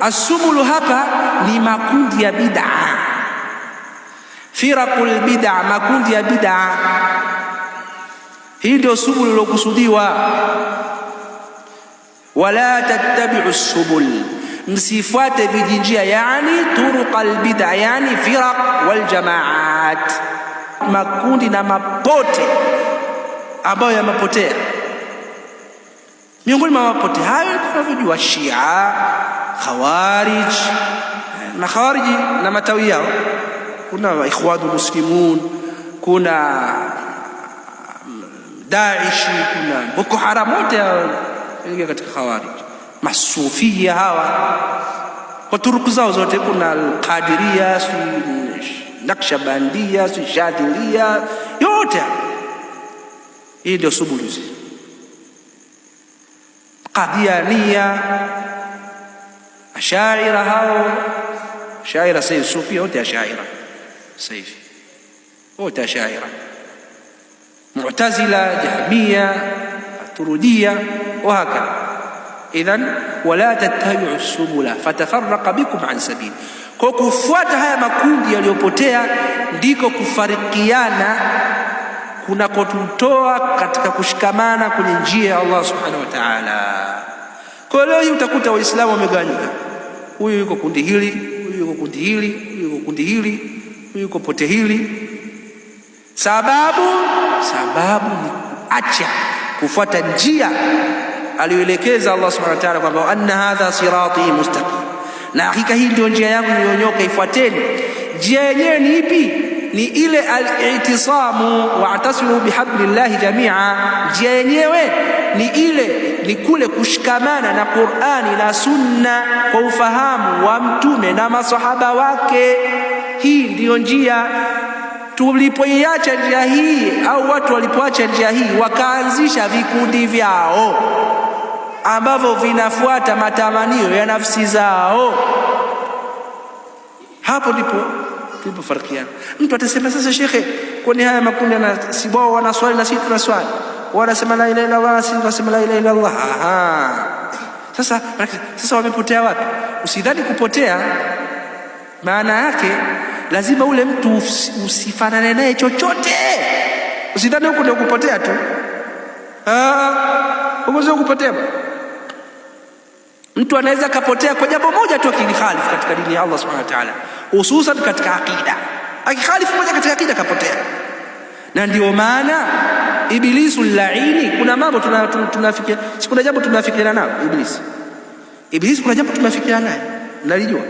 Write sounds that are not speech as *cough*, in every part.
asubulu hapa ni makundi ya bid'a, firaqul bid'a, makundi ya bid'a. Hii ndio subulu lilokusudiwa. Wala tattabiu subul, msifuate vijinjia, yani turuqal bid'a, yani firaq wal jamaat, makundi na mapote ambayo yamepotea Miongoni mwa mapote hayo tunavyojua Shia, Khawarij eh, na Khawariji na matawi yao, kuna ikhwanu Muslimun, kuna mm, Daesh, kuna Boko Haram, wote ingia katika Khawarij. Masufia hawa kwa turuku zao zote, kuna Qadiria, si Naqshbandia, si Shadhilia, yote hii ndio subuluzi قادية شاعرة هاو شاعرة سيف صوفية أو شاعرة سيف أو شاعرة معتزلة جهمية طرودية وهكذا إذن ولا تتبعوا السبل فتفرق بكم عن سبيل kwa kufuata haya makundi yaliyopotea ديكو kufarikiana kunakotutoa katika kushikamana kwenye njia ya Allah subhanahu wa ta'ala. Kwa leo hii utakuta Waislamu wamegawanyika, huyu yuko kundi hili, huyu yuko kundi hili, huyu yuko kundi hili, huyu yuko pote hili. Sababu, sababu ni kuacha kufuata njia aliyoelekeza Allah subhanahu wa ta'ala, kwamba anna hadha sirati mustaqim, na hakika hii ndio njia yangu niliyonyoka, ifuateni. Njia yenyewe ni ipi? ni ile al-i'tisamu waatasimu bihablillahi jamia. Njia yenyewe ni ile, ni kule kushikamana na Qur'ani na Sunna kwa ufahamu wa Mtume na masahaba wake. Hii ndiyo njia tulipoiacha njia hii au watu walipoacha njia hii wakaanzisha vikundi vyao ambavyo vinafuata matamanio ya nafsi zao, hapo ndipo tulipofarikiana. Mtu atasema sasa, shekhe, kwani haya makundi na sibao wanaswali na sisi tunaswali, wanasema la ilaha illa Allah, sisi tunasema la ilaha illa Allah. Aha, sasa sasa wamepotea wapi? Usidhani kupotea maana yake lazima ule mtu usifanane naye chochote. Usidhani huko ndio kupotea tu, huko sio kupotea. Mtu anaweza akapotea kwa jambo moja tu, akilihalifu katika dini ya Allah subhanahu wa ta'ala, hususan katika akida. Akihalifu moja katika akida kapotea. Na ndio maana Ibilisu laini, kuna mambo tunafikia, si kuna jambo tunafikiana nao Ibilisi. Ibilisi kuna jambo tunafikiana naye, nalijua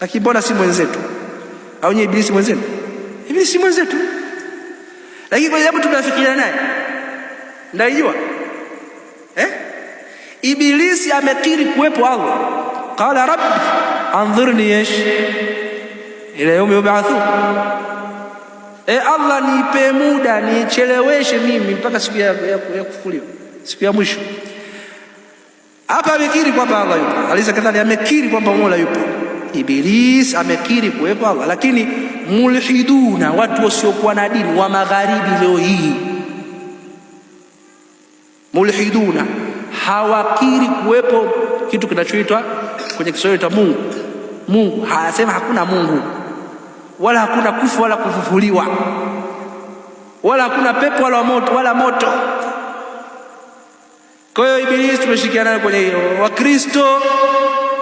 lakini mbona si mwenzetu? Au nyewe Ibilisi mwenzetu? Ibilisi mwenzetu, lakini kuna jambo tunafikiana naye, mnalijua Ibilisi amekiri kuwepo Allah, qala rabbi andhurni yesh ila yaumi yubathu, e Allah nipe muda nicheleweshe mimi mpaka siku ya, ya, ya kufufuliwa siku ya mwisho. Hapa amekiri kwamba Allah yupo, alisa kadhalika amekiri kwamba Mola yupo. Ibilis amekiri kuwepo Allah, lakini mulhiduna, watu wasiokuwa na dini wa magharibi leo hii mulhiduna hawakiri kuwepo kitu kinachoitwa kwenye Kiswahili cha Mungu. Mungu hayasema hakuna Mungu wala hakuna kufu wala kufufuliwa wala hakuna pepo wala moto, wala moto. Kwa hiyo Ibilisi tumeshirikiana naye kwenye hiyo. Wakristo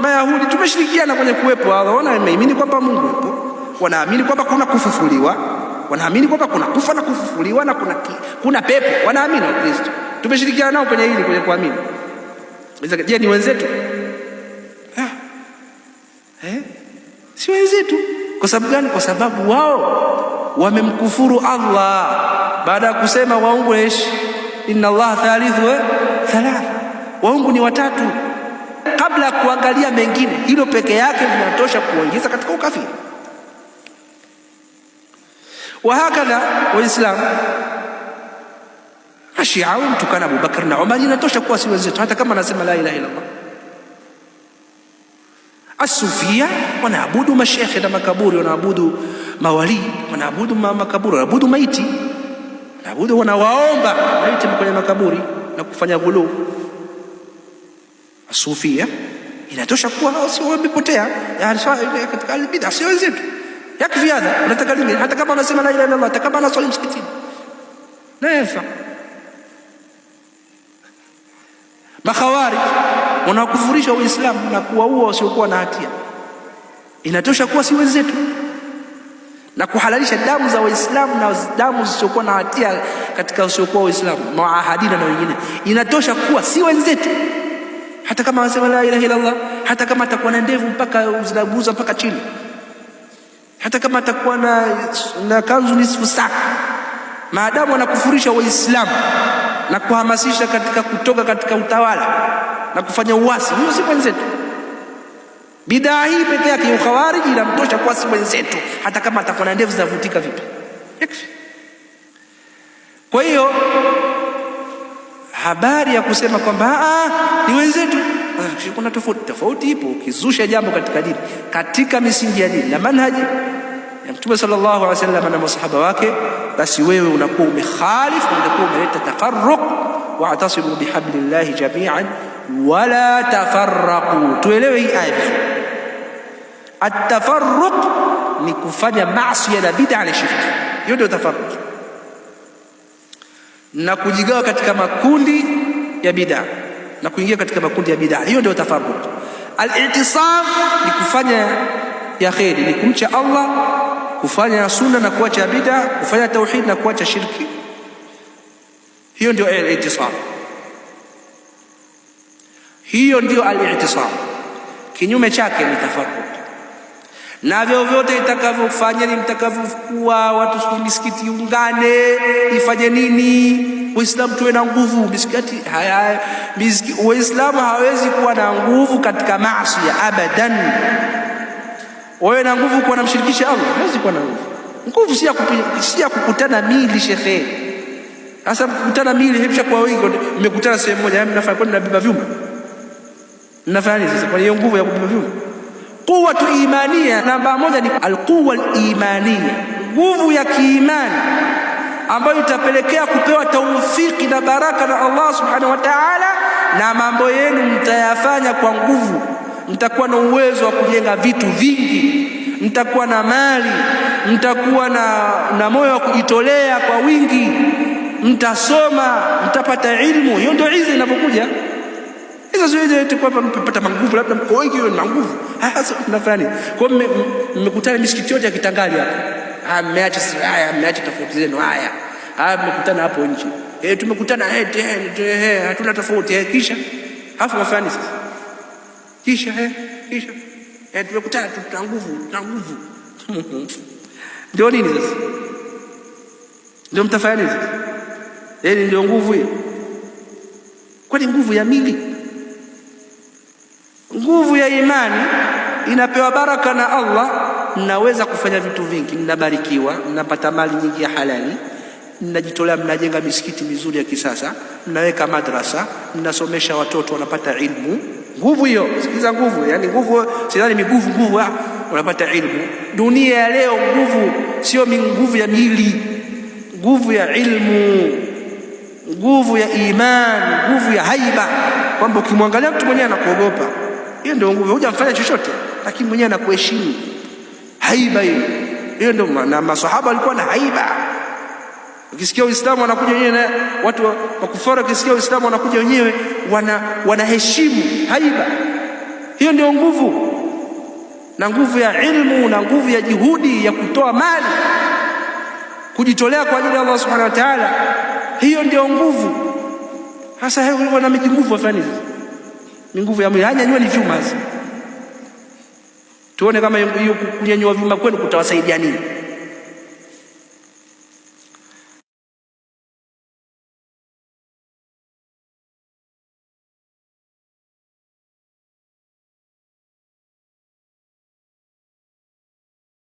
Mayahudi tumeshirikiana kwenye kuwepo, wanaamini kwamba Mungu yupo, wanaamini kwamba kuna kufufuliwa, wanaamini kwamba kuna kufa na kufufuliwa na kuna, kuna pepo. Wanaamini Wakristo tumeshirikiana nao kwenye hili, kwenye kuamini. Je, ni wenzetu? Ah. Eh? Si wenzetu. Kwa sababu gani? Kwa sababu wao wamemkufuru Allah baada ya kusema waungu eshi inna Allah thalithu eh? thalath, waungu ni watatu. Kabla ya kuangalia mengine, hilo peke yake linatosha kuwaingiza katika ukafiri. Wahakadha Waislamu Ashia au mtukana Abu Bakar na Umar inatosha kuwa si wenzetu, hata kama anasema la ilaha illallah. Asufia wanaabudu mashekhe na makaburi, wanaabudu mawali, wanaabudu makaburi, wanaabudu maiti, wanaabudu wanawaomba maiti kwenye makaburi na kufanya ghulu. Asufia inatosha kuwa hao si wamepotea eh, katika albida, si wenzetu. Yakfi hadha, unataka nini? Hata kama anasema la ilaha illallah, Allah, hata kama anaswali msikitini, la yafaa Makhawarij wanakufurisha Uislamu na kuwaua wasiokuwa na hatia, inatosha kuwa si wenzetu, na kuhalalisha damu za Waislamu na damu zisizokuwa na hatia katika wasiokuwa Waislamu, maahadina na wengine, inatosha kuwa si wenzetu. Hata kama wasema la ilaha Allah, hata kama atakuwa na ndevu mpaka zinaguza mpaka chini, hata kama atakuwa na, na kanzu nisfu saka, maadamu anakufurisha Waislamu na kuhamasisha katika kutoka katika utawala na kufanya uasi. Huyo si mwenzetu. Bidaa hii peke yake ya ukhawariji inamtosha kuwa si mwenzetu, hata kama atakuwa na ndevu zinavutika vipi. Kwa hiyo habari ya kusema kwamba ah, ah, ni wenzetu, ah, kuna tofauti tofauti. Ipo ukizusha jambo katika dini, katika misingi ya dini na manhaji ya Mtume sallallahu alaihi wasallam na masahaba wake basi wewe unakuwa umekhalif, unakuwa umeleta tafarruq. Wa'tasimu bihablillahi jami'an wala tafarraqu. Tuelewe hii aya vizuri. Atafarruq ni kufanya maasi na bid'a na shirki, hiyo ndio tafarruq, na kujigawa katika makundi ya bid'a na kuingia katika makundi ya bid'a, hiyo ndio tafarruq. Al-i'tisam ni kufanya ya kheri ni kumcha Allah, kufanya sunna na kuacha bid'a, kufanya tauhid na kuacha shirki. Hiyo ndio al-i'tisam, hiyo ndio al-i'tisam. Kinyume chake ni tafarruq, na vyovyote itakavyofanya ni mtakavyokuwa watu. si misikiti ungane ifanye nini? Uislamu tuwe na nguvu. Misikiti Uislamu hawezi kuwa na nguvu katika maasi abadan. Wewe na nguvu kuwa namshirikisha Allah, hawezi kuwa na nguvu. Nguvu si ya si ya kukutana mili shekhe. Sasa kukutana mili hepsha kwa wingi, mmekutana sehemu moja, yaani mnafanya kwani mnabeba vyuma, mnafanya nini sasa? Kwa hiyo nguvu ya kubeba vyuma, quwwatu imania. Namba moja ni alquwa alimania, nguvu ya kiimani ambayo itapelekea kupewa taufiki na baraka na Allah subhanahu wa ta'ala, na mambo yenu mtayafanya kwa nguvu mtakuwa na uwezo wa kujenga vitu vingi, mtakuwa na mali, mtakuwa na, na moyo wa kujitolea kwa wingi, mtasoma, mtapata ilmu. Hiyo ndio izi inapokuja hizo zote zoezi mpata manguvu, labda mko wengi, *laughs* hiyo ni manguvu. Sasa tunafanya kwa mmekutana misikiti yote ya Kitangali hapa, ah, mmeacha haya, mmeacha tofauti zenu, haya haya, ah, mmekutana hapo nje, eh, tumekutana, eh, eh, eh hatuna tofauti, eh, kisha hafu mafani sasa kisha eh, kisha eh, tumekutana tu, tuna nguvu, tuna nguvu. *laughs* Ndio nini sasa? Ndio mtafanya nini sasa? Yaani ndio nguvu hiyo? Kwani nguvu ya mili, nguvu ya imani inapewa baraka na Allah. Mnaweza kufanya vitu vingi, mnabarikiwa, mnapata mali nyingi ya halali, mnajitolea, mnajenga misikiti mizuri ya kisasa, mnaweka madrasa, mnasomesha watoto wanapata ilmu Nguvu hiyo, sikiza nguvu, yani nguvu, sidhani miguvu nguvu. Ah, unapata ilmu. Dunia ya leo nguvu sio nguvu ya mili, nguvu ya ilmu, nguvu ya iman, nguvu ya haiba, kwamba ukimwangalia mtu mwenyewe anakuogopa. Hiyo ndio nguvu, hujamfanya chochote, lakini mwenyewe anakuheshimu. Haiba hiyo hiyo ndio, na maswahaba walikuwa na haiba Ukisikia Uislamu wanakuja wenyewe na watu makufara, ukisikia Uislamu wanakuja wenyewe wana wanaheshimu haiba hiyo. Ndio nguvu na nguvu ya ilmu na nguvu ya juhudi ya kutoa mali, kujitolea kwa ajili ya Allah subhanahu wa ta'ala. Hiyo ndio nguvu hasa. Hao wana mijinguvu hizo ni nguvu ya mwili, nyua ni vyuma. tuone kama hiyo kunyanyua vyuma kwenu kutawasaidia nini?